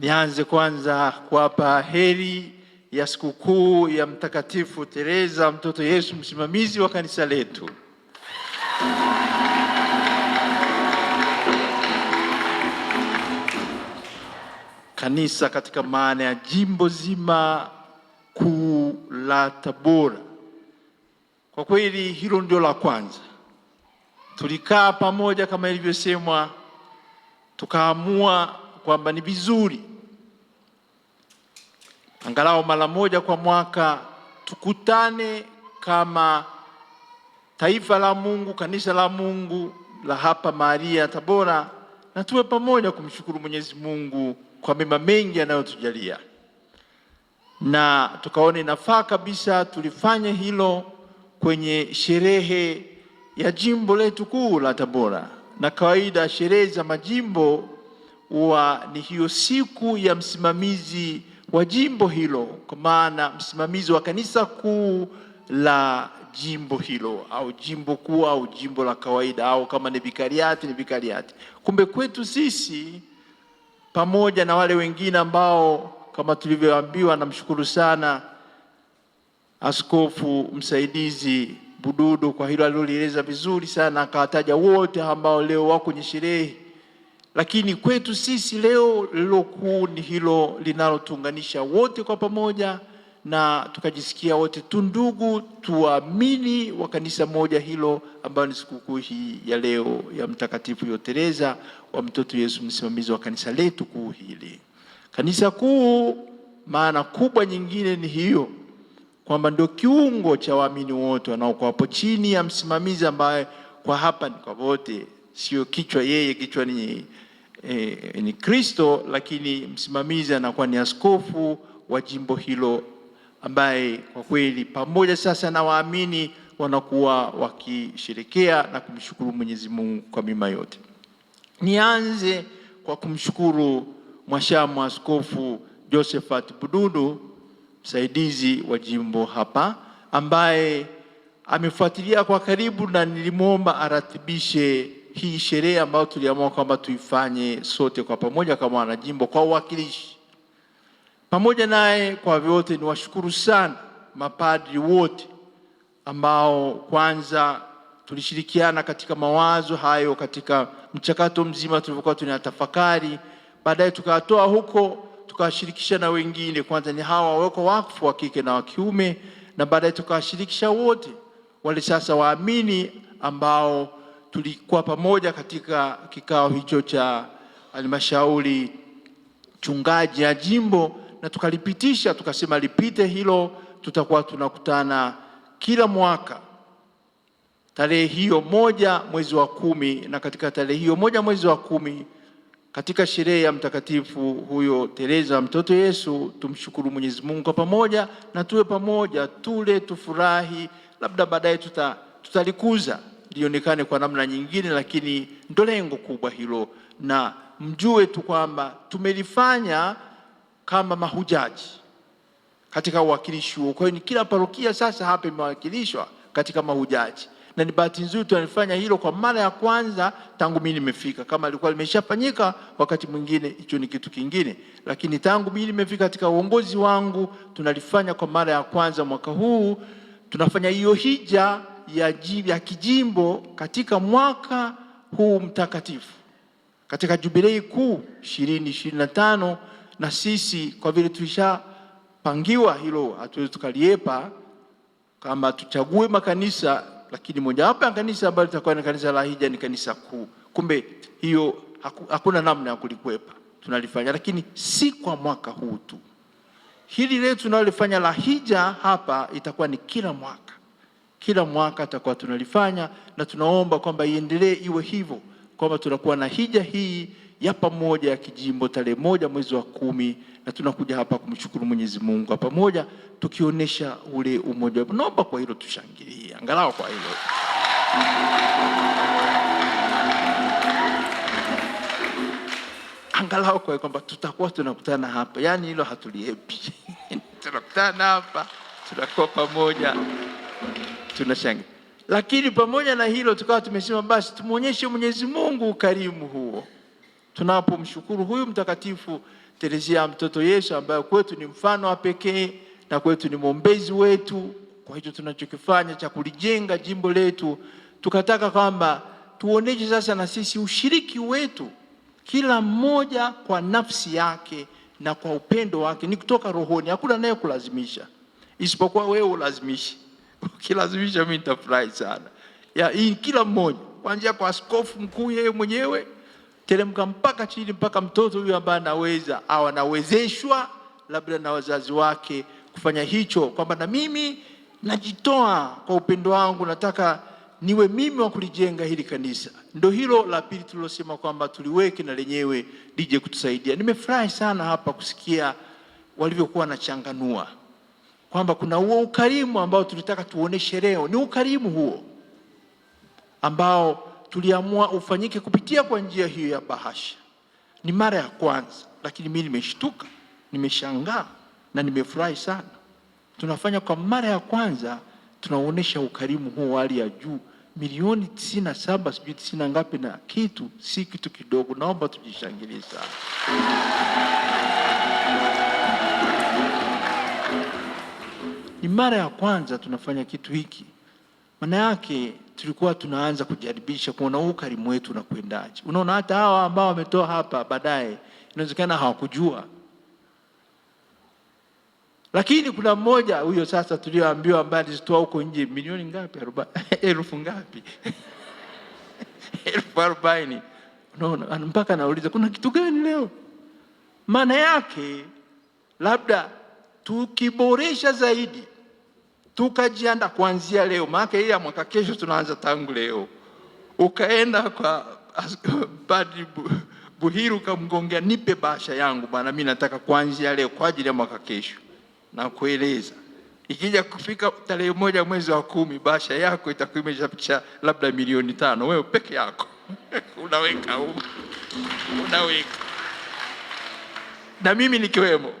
Nianze kwanza kuwapa heri ya sikukuu ya Mtakatifu Teresa mtoto Yesu, msimamizi wa kanisa letu. Kanisa katika maana ya jimbo zima kuu la Tabora. Kwa kweli hilo ndio la kwanza, tulikaa pamoja kama ilivyosemwa, tukaamua kwamba ni vizuri angalau mara moja kwa mwaka tukutane kama taifa la Mungu, kanisa la Mungu la hapa Maria Tabora, na tuwe pamoja kumshukuru Mwenyezi Mungu kwa mema mengi anayotujalia, na tukaona inafaa kabisa tulifanye hilo kwenye sherehe ya jimbo letu kuu la Tabora. Na kawaida sherehe za majimbo huwa ni hiyo siku ya msimamizi wa jimbo hilo, kwa maana msimamizi wa kanisa kuu la jimbo hilo au jimbo kuu au jimbo la kawaida au kama ni vikariati ni vikariati. Kumbe kwetu sisi pamoja na wale wengine ambao kama tulivyoambiwa, namshukuru sana askofu msaidizi Bududu kwa hilo alilolieleza vizuri sana, akawataja wote ambao leo wako kwenye sherehe lakini kwetu sisi leo lilo kuu ni hilo linalotuunganisha wote kwa pamoja, na tukajisikia wote tu ndugu, tuamini wa kanisa moja hilo, ambayo ni sikukuu hii ya leo ya Mtakatifu Yotereza wa Mtoto Yesu, msimamizi wa kanisa letu kuu hili. Kanisa kuu, maana kubwa nyingine ni hiyo kwamba ndio kiungo cha waamini wote wanaokuwa hapo chini ya msimamizi ambaye kwa hapa ni kwa wote sio kichwa yeye, kichwa ni, e, ni Kristo, lakini msimamizi anakuwa ni askofu wa jimbo hilo ambaye kwa kweli pamoja sasa na waamini wanakuwa wakisherekea na kumshukuru Mwenyezi Mungu kwa mima yote. Nianze kwa kumshukuru mwashamu Askofu Josephat Bududu, msaidizi wa jimbo hapa, ambaye amefuatilia kwa karibu na nilimwomba aratibishe hii sherehe ambayo tuliamua kwamba tuifanye sote kwa pamoja kama wanajimbo kwa uwakilishi pamoja naye. Kwa vyote niwashukuru sana mapadri wote ambao kwanza tulishirikiana katika mawazo hayo katika mchakato mzima tulivyokuwa tunatafakari, baadaye tukatoa huko tukawashirikisha na wengine. Kwanza ni hawa waweko wakfu wa kike na wa kiume, na baadaye tukawashirikisha wote wale sasa waamini ambao tulikuwa pamoja katika kikao hicho cha halmashauri chungaji ya jimbo na tukalipitisha, tukasema lipite hilo. Tutakuwa tunakutana kila mwaka tarehe hiyo moja mwezi wa kumi, na katika tarehe hiyo moja mwezi wa kumi katika sherehe ya mtakatifu huyo Teresa mtoto Yesu, tumshukuru Mwenyezi Mungu kwa pamoja na tuwe pamoja, tule tufurahi, labda baadaye tutalikuza lionekane kwa namna nyingine, lakini ndo lengo kubwa hilo, na mjue tu kwamba tumelifanya kama mahujaji katika uwakilishi huo. Kwa hiyo ni kila parokia sasa hapa imewakilishwa katika mahujaji, na ni bahati nzuri tunalifanya hilo kwa mara ya kwanza tangu mimi nimefika. Kama ilikuwa limeshafanyika wakati mwingine, hicho ni kitu kingine, lakini tangu mimi nimefika katika uongozi wangu tunalifanya kwa mara ya kwanza mwaka huu. Tunafanya hiyo hija ya, ya kijimbo katika mwaka huu mtakatifu katika jubilei kuu 2025 na sisi kwa vile tulishapangiwa hilo, hatuwezi tukaliepa kama tuchague makanisa, lakini mojawapo ya kanisa ambayo litakuwa ni kanisa la hija ni kanisa kuu. Kumbe hiyo haku, hakuna namna ya kulikwepa, tunalifanya, lakini si kwa mwaka huu tu. Hili leo tunalofanya la hija hapa itakuwa ni kila mwaka kila mwaka atakuwa tunalifanya, na tunaomba kwamba iendelee iwe hivyo, kwamba tunakuwa na hija hii ya pamoja ya kijimbo tarehe moja mwezi wa kumi, na tunakuja hapa kumshukuru Mwenyezi Mungu pamoja, tukionyesha ule umoja. Naomba kwa hilo tushangilie, angalau kwa hilo angalau kwa kwamba tutakuwa tunakutana hapa, yaani hilo hatuliepi tunakutana hapa, tunakuwa pamoja tunashanga. Lakini pamoja na hilo, tukawa tumesema basi tumuonyeshe Mwenyezi Mungu ukarimu huo tunapomshukuru huyu Mtakatifu Teresia mtoto Yesu, ambaye kwetu ni mfano wa pekee na kwetu ni mwombezi wetu. Kwa hicho tunachokifanya cha kulijenga jimbo letu, tukataka kwamba tuoneshe sasa na sisi ushiriki wetu, kila mmoja kwa nafsi yake na kwa upendo wake, ni kutoka rohoni. Hakuna kulazimisha isipokuwa wewe ulazimishi. ukilazimisha mimi nitafurahi sana ya hii, kila mmoja kuanzia kwa askofu mkuu yeye mwenyewe teremka mpaka chini mpaka mtoto huyu ambaye anaweza au anawezeshwa labda na wazazi wake kufanya hicho, kwamba na mimi najitoa kwa upendo wangu, nataka niwe mimi wa kulijenga hili kanisa. Ndo hilo la pili tulilosema kwamba tuliweke na lenyewe lije kutusaidia. Nimefurahi sana hapa kusikia walivyokuwa wanachanganua kwamba kuna huo ukarimu ambao tulitaka tuoneshe leo. Ni ukarimu huo ambao tuliamua ufanyike kupitia kwa njia hiyo ya bahasha. Ni mara ya kwanza, lakini mimi nimeshtuka, nimeshangaa na nimefurahi sana. Tunafanya kwa mara ya kwanza, tunaonesha ukarimu huo hali ya juu. Milioni tisini na saba sijui tisini na ngapi na kitu, si kitu kidogo. Naomba tujishangilie sana. mara ya kwanza tunafanya kitu hiki, maana yake tulikuwa tunaanza kujaribisha kuona ukarimu wetu unakwendaje. Unaona, hata hawa ambao wametoa hapa baadaye inawezekana hawakujua, lakini kuna mmoja huyo sasa tulioambiwa, ambaye alizitoa huko nje milioni ngapi, elfu ngapi, elfu arobaini. Unaona, mpaka anauliza kuna kitu gani leo? Maana yake labda tukiboresha zaidi tukajianda kuanzia leo, maana ile ya mwaka kesho tunaanza tangu leo. Ukaenda kwa Padri Buhiru ukamgongea, nipe bahasha yangu bwana, mimi nataka kuanzia leo kwa ajili ya mwaka kesho. Na kueleza ikija kufika tarehe moja mwezi wa kumi, bahasha yako itakuwa imeshafikisha labda milioni tano, wewe peke yako unaweka unaweka na mimi nikiwemo,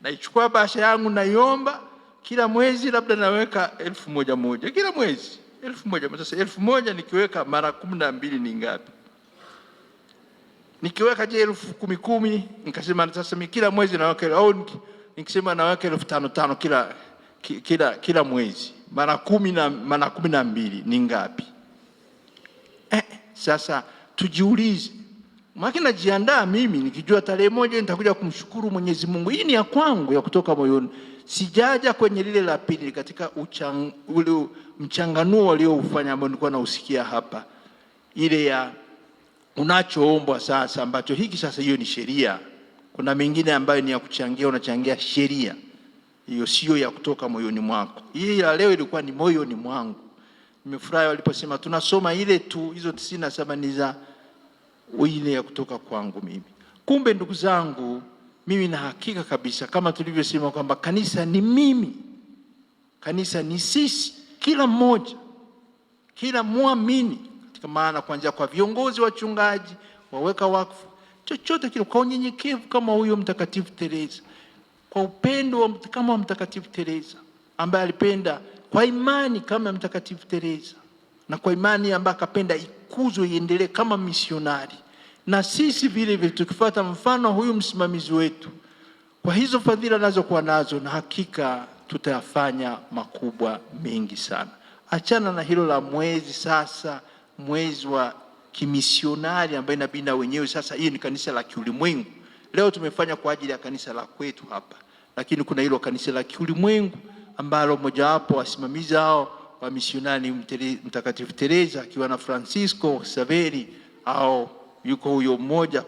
naichukua bahasha yangu naiomba kila mwezi labda naweka elfu moja moja kila mwezi elfu moja. Sasa elfu moja nikiweka mara kumi na mbili ni ngapi? Nikiweka je elfu kumi kumi, nikasema sasa mi kila mwezi naweka au nikisema naweka elfu tano tano kila, kila, kila mwezi mara kumi na, mara kumi na mbili ni ngapi? Eh, sasa tujiulize maki najiandaa mimi nikijua tarehe moja nitakuja kumshukuru Mwenyezi Mungu. Hii ni ya kwangu ya kutoka moyoni sijaja kwenye lile la pili, katika uchang, ule mchanganuo walioufanya ambao nilikuwa nausikia hapa, ile ya unachoombwa sasa, ambacho hiki sasa, hiyo ni sheria. Kuna mengine ambayo ni ya kuchangia, unachangia sheria hiyo, sio ya kutoka moyoni mwako. Hii ya leo ilikuwa ni moyoni mwangu. Nimefurahi waliposema tunasoma ile tu, hizo tisini na saba ni za ile ya kutoka kwangu mimi. Kumbe ndugu zangu mimi na hakika kabisa kama tulivyosema kwamba kanisa ni mimi, kanisa ni sisi, kila mmoja, kila mwamini katika maana, kuanzia kwa viongozi, wachungaji, waweka wakfu, chochote kile, kwa unyenyekevu kama huyo Mtakatifu Teresa, kwa upendo kama wa Mtakatifu Teresa ambaye alipenda kwa imani kama Mtakatifu Teresa, na kwa imani ambaye akapenda ikuzwe iendelee kama misionari na sisi vile vile tukifuata mfano huyu msimamizi wetu kwa hizo fadhila anazokuwa nazo, na hakika tutayafanya makubwa mengi sana. Achana na hilo la mwezi sasa, mwezi wa kimisionari ambaye inabidi na wenyewe sasa, hii ni kanisa la kiulimwengu. Leo tumefanya kwa ajili ya kanisa la kwetu hapa, lakini kuna hilo kanisa la kiulimwengu ambalo mojawapo wasimamizi hao wa misionari Mtakatifu Teresa akiwa na Francisco Saveri au yuko huyo mmoja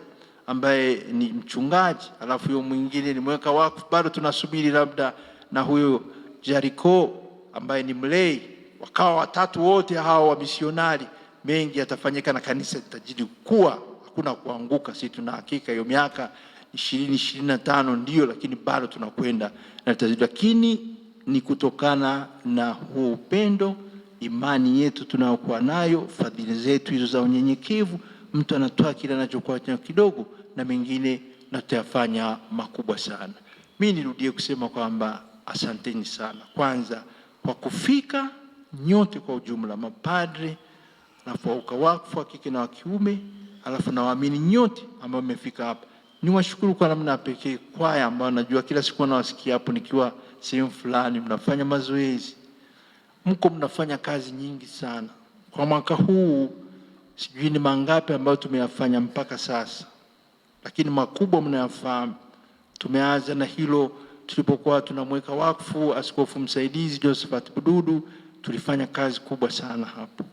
ambaye ni mchungaji, alafu huyo mwingine ni mweka wakfu. Bado tunasubiri labda na huyo Jericho ambaye ni mlei, wakawa watatu wote hawa wamisionari. Mengi yatafanyika na kanisa litajidi kuwa, hakuna kuanguka. Sisi tuna hakika hiyo miaka ishirini ishirini na tano ndio, lakini bado tunakwenda na litazidi, lakini ni kutokana na huo upendo, imani yetu tunayokuwa nayo, fadhili zetu hizo za unyenyekevu mtu anatoa kile anachokuwa nacho kidogo, na mengine natayafanya makubwa sana. Mimi nirudie kusema kwamba asanteni sana kwanza kwa kufika nyote kwa ujumla, mapadre, alafu ukawafu wa kike na wa kiume, alafu na waamini nyote ambao mmefika hapa. Niwashukuru kwa namna ya pekee kwaya ambao najua kila siku nawasikia hapo nikiwa sehemu fulani, mnafanya mazoezi, mko mnafanya kazi nyingi sana kwa mwaka huu sijui ni mangapi ambayo tumeyafanya mpaka sasa, lakini makubwa mnayafahamu. Tumeanza na hilo tulipokuwa tunamweka wakfu askofu msaidizi Josephat Bududu, tulifanya kazi kubwa sana hapo.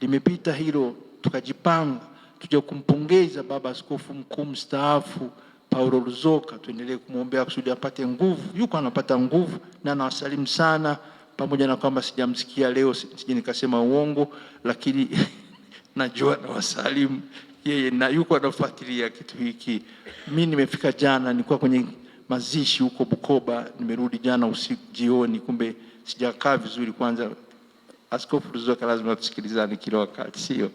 Limepita hilo, tukajipanga tuja kumpongeza baba askofu mkuu mstaafu Paulo Luzoka, tuendelee kumwombea kusudi apate nguvu. Yuko anapata nguvu, na anawasalimu sana, pamoja na kwamba sijamsikia leo, sije nikasema uongo, lakini najua na wasalimu yeye na yuko anafuatilia kitu hiki. Mi nimefika jana, nilikuwa kwenye mazishi huko Bukoba, nimerudi jana usiku jioni, kumbe sijakaa vizuri. Kwanza Askofu Ruzoka lazima atusikilizane kila wakati, sio?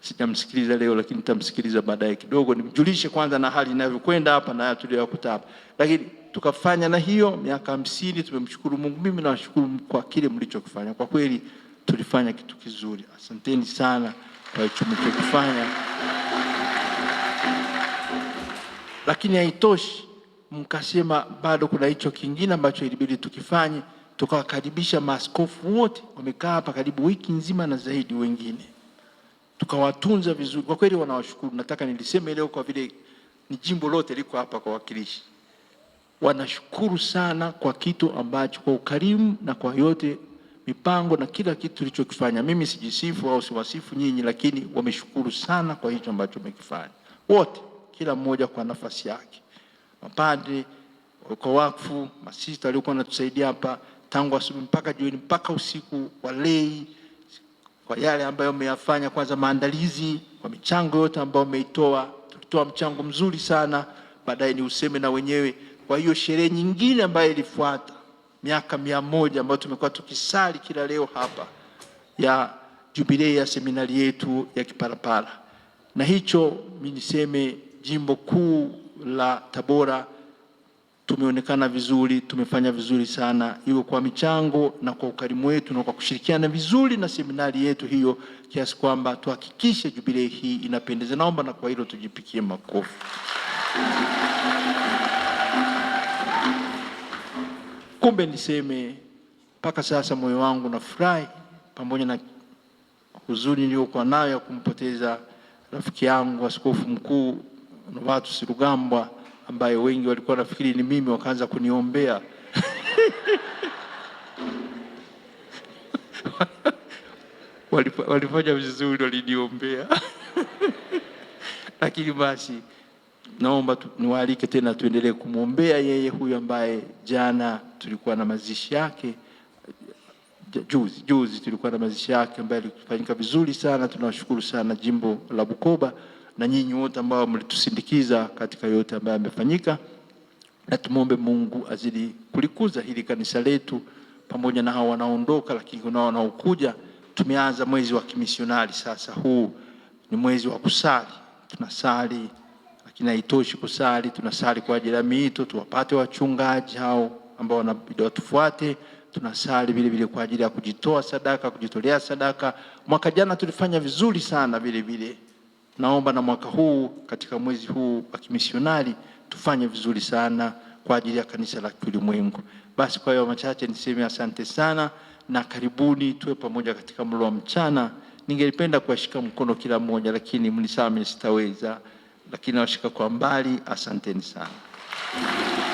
Sijamsikiliza leo, lakini nitamsikiliza baadaye kidogo, nimjulishe kwanza na hali inavyokwenda hapa na tuliyokuta hapa, lakini tukafanya na hiyo miaka hamsini. Tumemshukuru Mungu, mimi nawashukuru kwa kile mlichokifanya. Kwa kweli tulifanya kitu kizuri, asanteni sana walichokifanya. Eh, Lakini haitoshi, mkasema bado kuna hicho kingine ambacho ilibidi tukifanye. Tukawakaribisha maaskofu wote, wamekaa hapa karibu wiki nzima na zaidi, wengine tukawatunza vizuri. Kwa kweli wanawashukuru, nataka niliseme leo kwa vile ni jimbo lote liko hapa kwa wakilishi wanashukuru sana kwa kitu ambacho kwa ukarimu na kwa yote mipango na kila kitu tulichokifanya. Mimi sijisifu au siwasifu nyinyi, lakini wameshukuru sana kwa hicho ambacho umekifanya wote, kila mmoja kwa nafasi yake, mapadri kwa wakfu, masista waliokuwa wanatusaidia hapa tangu asubuhi mpaka jioni mpaka usiku, walei kwa yale ambayo umeyafanya, kwanza maandalizi, kwa michango yote ambayo umeitoa. Tulitoa mchango mzuri sana, baadaye ni useme na wenyewe. Kwa hiyo sherehe nyingine ambayo ilifuata miaka mia moja ambayo tumekuwa tukisali kila leo hapa ya jubilei ya seminari yetu ya Kipalapala. Na hicho mi niseme, jimbo kuu la Tabora tumeonekana vizuri, tumefanya vizuri sana, iwe kwa michango na kwa ukarimu wetu na kwa kushirikiana vizuri na seminari yetu hiyo, kiasi kwamba tuhakikishe jubilei hii inapendeza. Naomba na kwa hilo tujipikie makofi. Kumbe niseme mpaka sasa moyo wangu nafurahi, pamoja na huzuni niliyokuwa nayo ya kumpoteza rafiki yangu askofu mkuu Novatus Rugambwa, ambaye wengi walikuwa nafikiri ni mimi, wakaanza kuniombea walifanya vizuri, waliniombea lakini basi naomba niwaalike tena tuendelee kumwombea yeye huyu ambaye jana tulikuwa na mazishi yake juzi juzi tulikuwa na mazishi yake ambaye alifanyika vizuri sana. Tunawashukuru sana jimbo la Bukoba na nyinyi wote ambao mlitusindikiza katika yote ambayo yamefanyika, na tumwombe Mungu azidi kulikuza hili kanisa letu pamoja na hao wanaondoka, lakini kuna wanaokuja. Tumeanza mwezi wa kimisionari sasa, huu ni mwezi wa kusali, tunasali lakini haitoshi kusali. Tunasali kwa ajili ya miito, tuwapate wachungaji hao ambao wanabidi watufuate. Tunasali vile vile kwa ajili ya kujitoa sadaka, kujitolea sadaka. Mwaka jana tulifanya vizuri sana vile vile, naomba na mwaka huu katika mwezi huu wa kimisionari tufanye vizuri sana kwa ajili ya kanisa la kiulimwengu. Basi kwa hiyo machache niseme asante sana na karibuni, tuwe pamoja katika mlo wa mchana. Ningelipenda kuwashika mkono kila mmoja, lakini mnisamehe, sitaweza lakini nawashika kwa mbali. Asanteni sana.